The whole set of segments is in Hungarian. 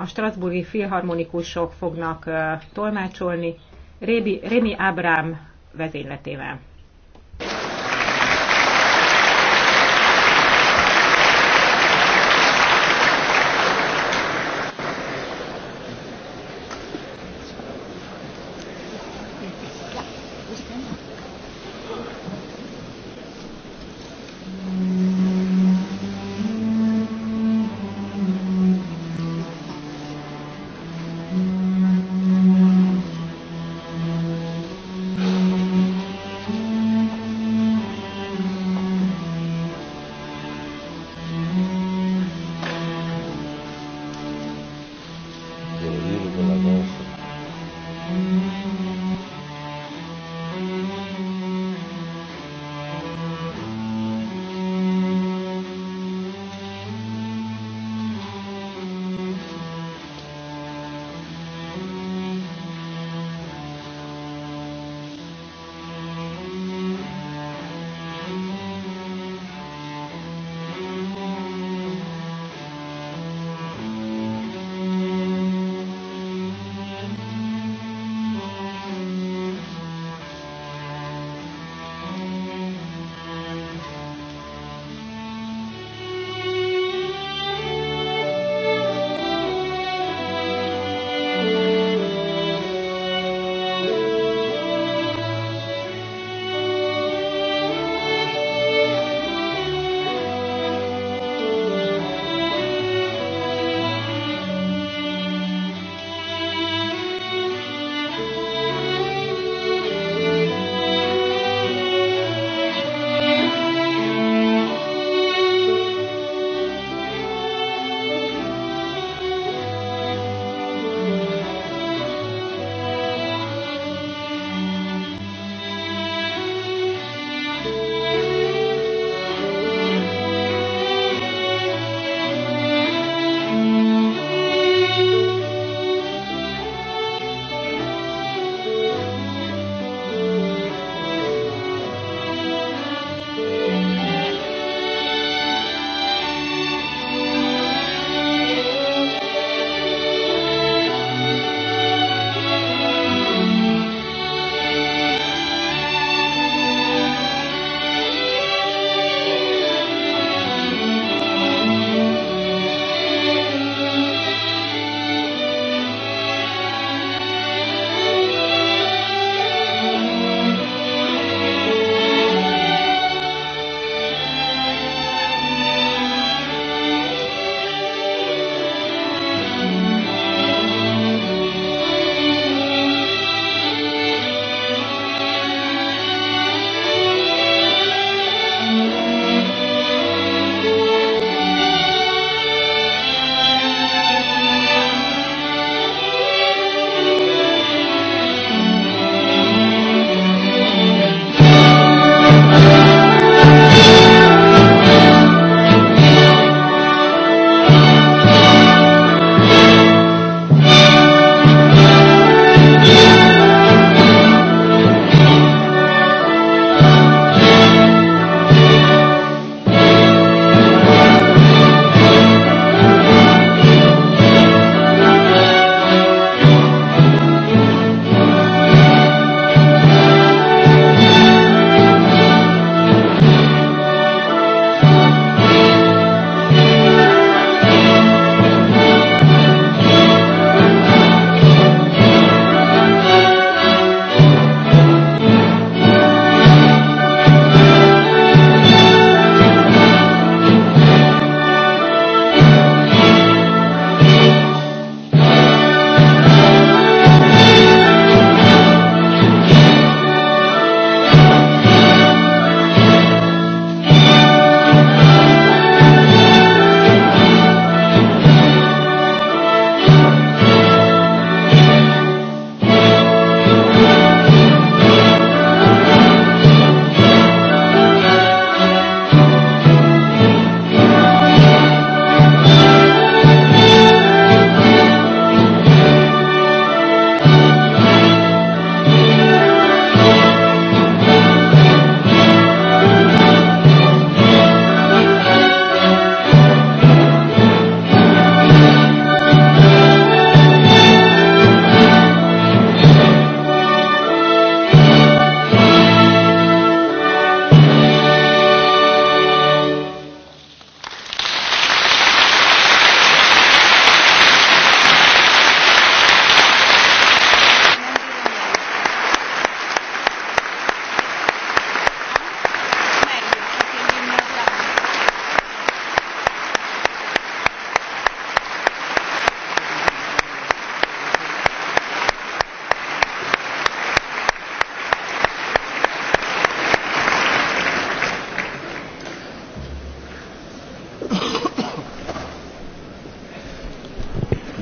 a Strasburgi filharmonikusok fognak tolmácsolni Rémi Ábrám vezényletével.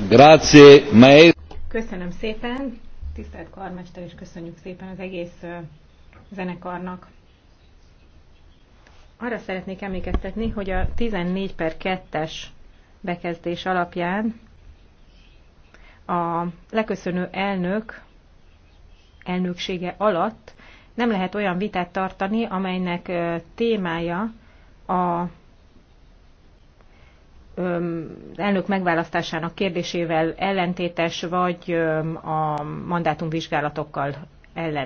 Grazie, Köszönöm szépen, tisztelt karmester, és köszönjük szépen az egész zenekarnak. Arra szeretnék emlékeztetni, hogy a 14 per 2-es bekezdés alapján a leköszönő elnök elnöksége alatt nem lehet olyan vitát tartani, amelynek témája a elnök megválasztásának kérdésével ellentétes, vagy a mandátumvizsgálatokkal ellen.